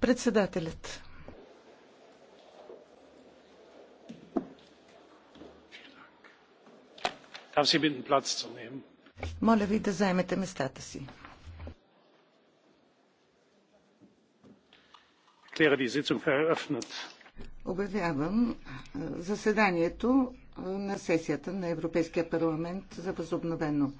Председателят. Моля ви да заемете местата си. Обявявам заседанието на сесията на Европейския парламент за възобновено.